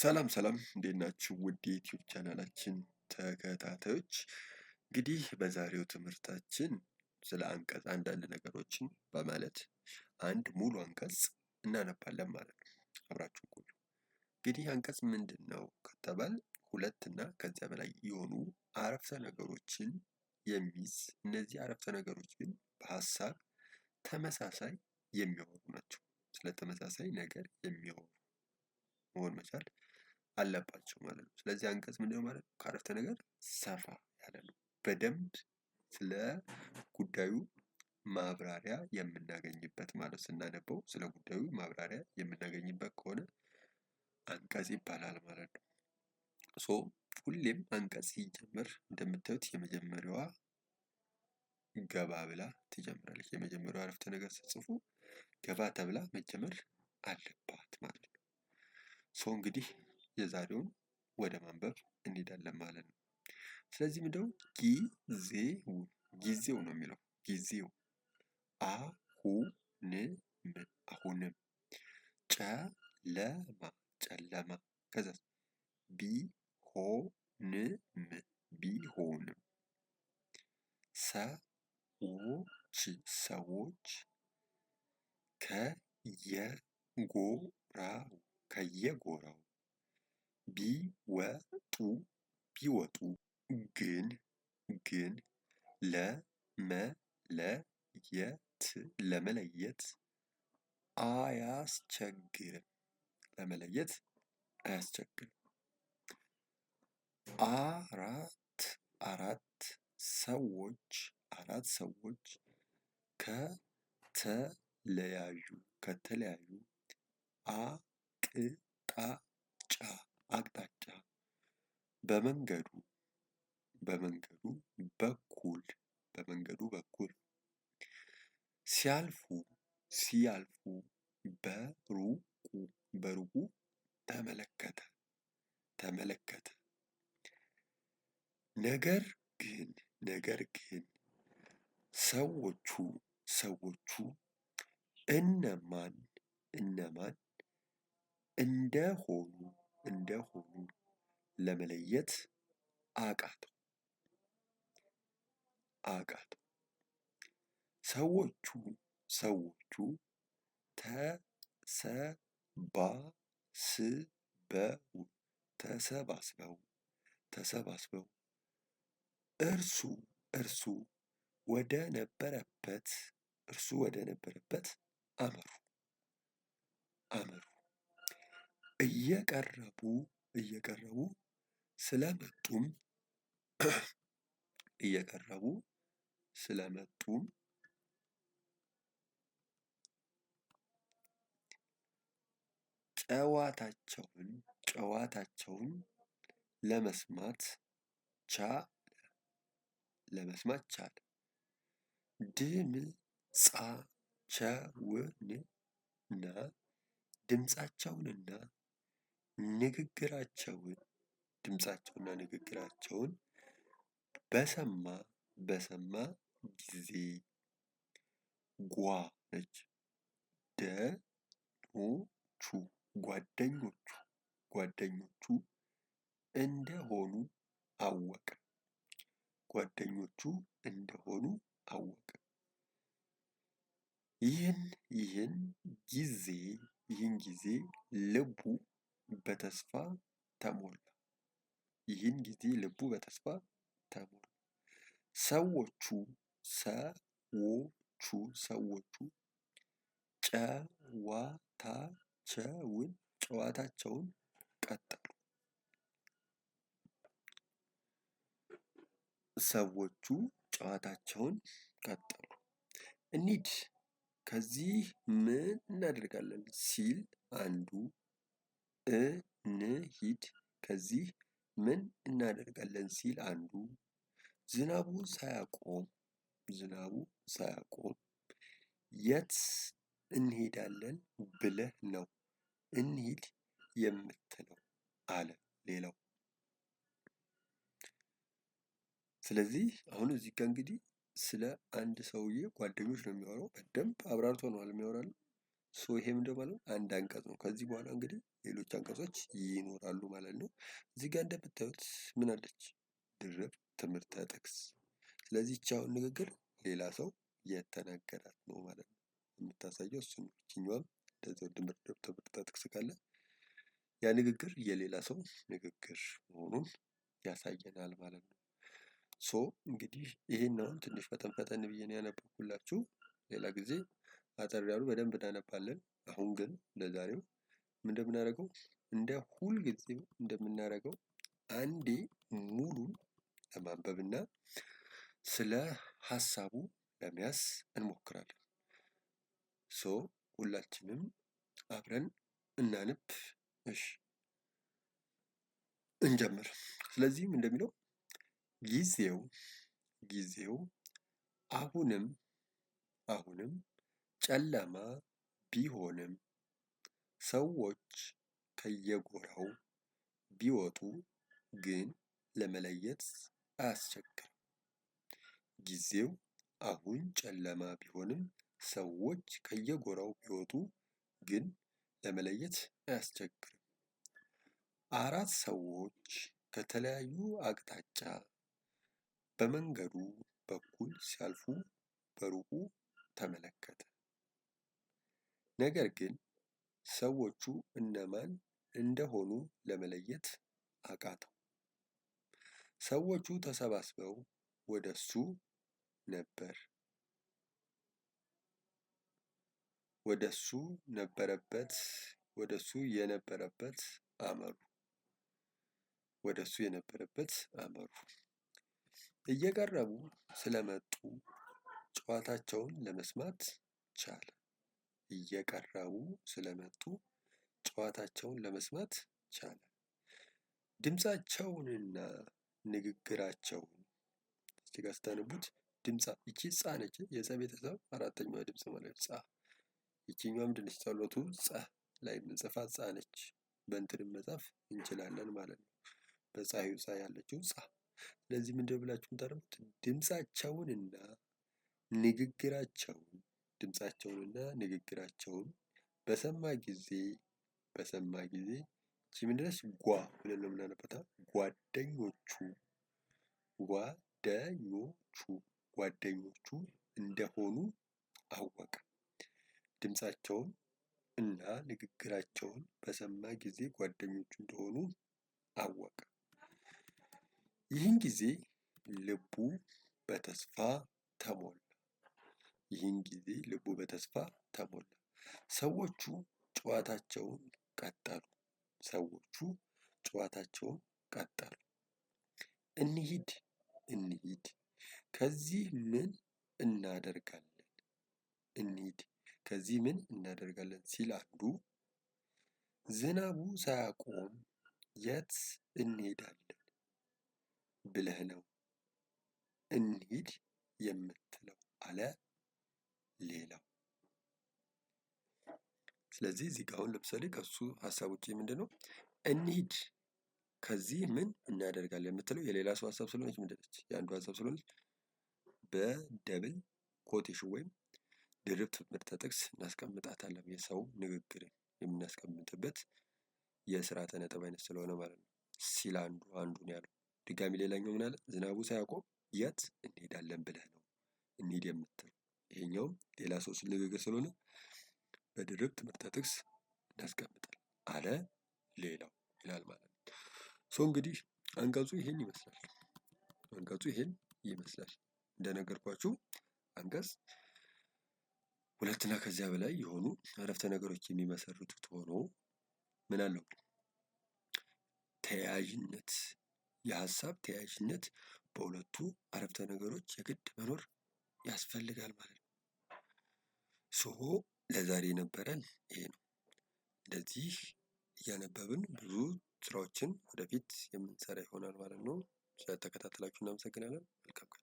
ሰላም ሰላም እንዴት ናችሁ? ውድ የዩቲዩብ ቻናላችን ተከታታዮች እንግዲህ በዛሬው ትምህርታችን ስለ አንቀጽ አንዳንድ ነገሮችን በማለት አንድ ሙሉ አንቀጽ እናነባለን ማለት ነው። አብራችሁ ቆዩ። እንግዲህ አንቀጽ ምንድን ነው ከተባል ሁለት እና ከዚያ በላይ የሆኑ አረፍተ ነገሮችን የሚይዝ እነዚህ አረፍተ ነገሮች ግን በሀሳብ ተመሳሳይ የሚያወሩ ናቸው። ስለ ተመሳሳይ ነገር የሚያወሩ መሆን መቻል አለባቸው ማለት ነው። ስለዚህ አንቀጽ ምንድነው ማለት ነው? ከአረፍተ ነገር ሰፋ ያለ ነው። በደንብ ስለ ጉዳዩ ማብራሪያ የምናገኝበት ማለት ስናነበው ስለ ጉዳዩ ማብራሪያ የምናገኝበት ከሆነ አንቀጽ ይባላል ማለት ነው። ሶ ሁሌም አንቀጽ ሲጀመር እንደምታዩት የመጀመሪያዋ ገባ ብላ ትጀምራለች። የመጀመሪያዋ አረፍተ ነገር ስጽፉ ገባ ተብላ መጀመር አለባት ማለት ነው። ሶ እንግዲህ የዛሬውን ወደ ማንበብ እንሄዳለን ማለት ነው። ስለዚህ ምንድነው ጊዜው ጊዜው ነው የሚለው ጊዜው አሁንም አሁንም ጨለማ ጨለማ ከዛ ቢሆንም ቢሆንም ሰዎች ሰዎች ከየጎራው ከየጎራው ቢወጡ ቢወጡ ግን ግን ለመለየት ለመለየት አያስቸግርም ለመለየት አያስቸግርም። አራት አራት ሰዎች አራት ሰዎች ከተለያዩ ከተለያዩ አቅጣጫ አቅጣጫ በመንገዱ በመንገዱ በኩል በመንገዱ በኩል ሲያልፉ ሲያልፉ በሩቁ በሩቁ ተመለከተ ተመለከተ ነገር ግን ነገር ግን ሰዎቹ ሰዎቹ እነማን እነማን እንደሆኑ እንደሆኑ ለመለየት አቃተው አቃተው። ሰዎቹ ሰዎቹ ተሰባስበው ተሰባስበው ተሰባስበው እርሱ እርሱ ወደ ነበረበት እርሱ ወደ ነበረበት አመሩ አመሩ። እየቀረቡ እየቀረቡ ስለመጡም እየቀረቡ ስለመጡም ጨዋታቸውን ጨዋታቸውን ለመስማት ቻለ ለመስማት ቻለ። ድምጻቸውንና ድምጻቸውንና ንግግራቸውን ድምፃቸውና ንግግራቸውን በሰማ በሰማ ጊዜ ጓ ነች ደኖቹ ጓደኞቹ ጓደኞቹ እንደሆኑ አወቀ። ጓደኞቹ እንደሆኑ አወቀ። ይህን ይህን ጊዜ ይህን ጊዜ ልቡ በተስፋ ተሞላ። ይህን ጊዜ ልቡ በተስፋ ተሞላ። ሰዎቹ ሰዎቹ ሰዎቹ ጨዋታቸውን ጨዋታቸውን ቀጠሉ። ሰዎቹ ጨዋታቸውን ቀጠሉ። እንሂድ ከዚህ ምን እናደርጋለን ሲል አንዱ እንሂድ ከዚህ ምን እናደርጋለን ሲል አንዱ ዝናቡ ሳያቆም ዝናቡ ሳያቆም የት እንሄዳለን ብለህ ነው እንሂድ የምትለው አለ ሌላው። ስለዚህ አሁን እዚህ ጋር እንግዲህ ስለ አንድ ሰውዬ ጓደኞች ነው የሚያወራው። በደንብ አብራርቶ ነው የሚያወራልን። ሶ ይሄም ደግሞ አንድ አንቀጽ ነው። ከዚህ በኋላ እንግዲህ ሌሎች አንቀጾች ይኖራሉ ማለት ነው። እዚህ ጋር እንደምታዩት ምን አለች? ድርብ ትምህርተ ጥቅስ። ስለዚህ ቻውን ንግግር ሌላ ሰው የተናገራት ነው ማለት ነው። የምታሳየው እሱ ነው። ይችኛዋም እንደዚያው ድርብ ትምህርተ ጥቅስ ካለ ያ ንግግር የሌላ ሰው ንግግር መሆኑን ያሳየናል ማለት ነው። ሶ እንግዲህ ይሄን አሁን ትንሽ ፈጠን ፈጠን ብዬ ነው ያነበብኩላችሁ። ሌላ ጊዜ አጠር ያሉ በደንብ እናነባለን። አሁን ግን ለዛሬው እንደምናደርገው እንደ ሁልጊዜው እንደምናደርገው አንዴ ሙሉን ለማንበብና ስለ ሀሳቡ ለመያዝ እንሞክራለን። ሶ ሁላችንም አብረን እናንብ። እሺ እንጀምር። ስለዚህም እንደሚለው ጊዜው ጊዜው አሁንም አሁንም ጨለማ ቢሆንም ሰዎች ከየጎራው ቢወጡ ግን ለመለየት አያስቸግርም። ጊዜው አሁን ጨለማ ቢሆንም ሰዎች ከየጎራው ቢወጡ ግን ለመለየት አያስቸግርም። አራት ሰዎች ከተለያዩ አቅጣጫ በመንገዱ በኩል ሲያልፉ በሩቁ ተመለከቱ። ነገር ግን ሰዎቹ እነማን እንደሆኑ ለመለየት አቃተው። ሰዎቹ ተሰባስበው ወደ እሱ ነበር ወደ እሱ ነበረበት ወደ እሱ የነበረበት አመሩ ወደ እሱ የነበረበት አመሩ። እየቀረቡ ስለመጡ ጨዋታቸውን ለመስማት ቻለ። እየቀረቡ ስለመጡ ጨዋታቸውን ለመስማት ቻለ። ድምፃቸውንና ንግግራቸውን እዚህ ጋር ስታነቡት ድምፃ ይቺ ጻ ነች። የጸ ቤተሰብ አራተኛዋ ድምፅ ማለት ጻ። ይቺኛዋ ምንድን ነች? ጸሎቱ ጸ ላይ የምንጽፋት ጻ ነች። በእንትንም መጻፍ እንችላለን ማለት ነው። በፀሐዩ ጻ ያለችው ጻ። ስለዚህ ምንድን ብላችሁ ምታደርጉት ድምፃቸውንና ንግግራቸውን ድምፃቸውንና ንግግራቸውን በሰማ ጊዜ በሰማ ጊዜ ሲምድረስ ጓ ብለን ነው የምናነበታ። ጓደኞቹ ጓደኞቹ ጓደኞቹ እንደሆኑ አወቀ። ድምፃቸውን እና ንግግራቸውን በሰማ ጊዜ ጓደኞቹ እንደሆኑ አወቀ። ይህን ጊዜ ልቡ በተስፋ ተሞላ። ይህን ጊዜ ልቡ በተስፋ ተሞላ። ሰዎቹ ጨዋታቸውን ቀጠሉ። ሰዎቹ ጨዋታቸውን ቀጠሉ። እንሂድ እንሂድ፣ ከዚህ ምን እናደርጋለን? እንሂድ፣ ከዚህ ምን እናደርጋለን? ሲል አንዱ ዝናቡ ሳያቆም የት እንሄዳለን ብለህ ነው እንሂድ የምትለው አለ። ሌላ። ስለዚህ እዚህ ጋር አሁን ለምሳሌ ከሱ ሀሳብ ውጭ ምንድን ነው እንሂድ ከዚህ ምን እናደርጋለን የምትለው የሌላ ሰው ሀሳብ ስለሆነች ምንድነች? የአንዱ ሀሳብ ስለሆነች በደብል ኮቴሽን ወይም ድርብ ትምህርተ ጥቅስ እናስቀምጣታለን። የሰው ንግግርን የምናስቀምጥበት የስርዓተ ነጥብ አይነት ስለሆነ ማለት ነው ሲል አንዱ አንዱን ያለው ድጋሚ ሌላኛው ምናለ ዝናቡ ሳያቆም የት እንሄዳለን ብለህ ነው እንሂድ የምትለው ይሄኛው ሌላ ሰው ሲነጋገር ስለሆነ በድርብ ትምህርተ ጥቅስ እናስቀምጣል። አለ ሌላው ይላል ማለት ነው። ሶ እንግዲህ አንቀጹ ይሄን ይመስላል። አንቀጹ ይሄን ይመስላል። እንደነገርኳችሁ አንቀጽ ሁለትና ከዚያ በላይ የሆኑ አረፍተ ነገሮች የሚመሰርቱት ሆኖ ምን አለው ተያያዥነት፣ የሀሳብ ተያያዥነት በሁለቱ አረፍተ ነገሮች የግድ መኖር ያስፈልጋል ማለት ነው። ሶ ለዛሬ የነበረን ይሄ ነው። እንደዚህ እያነበብን ብዙ ስራዎችን ወደፊት የምንሰራ ይሆናል ማለት ነው። ስለተከታተላችሁ እናመሰግናለን። መልካም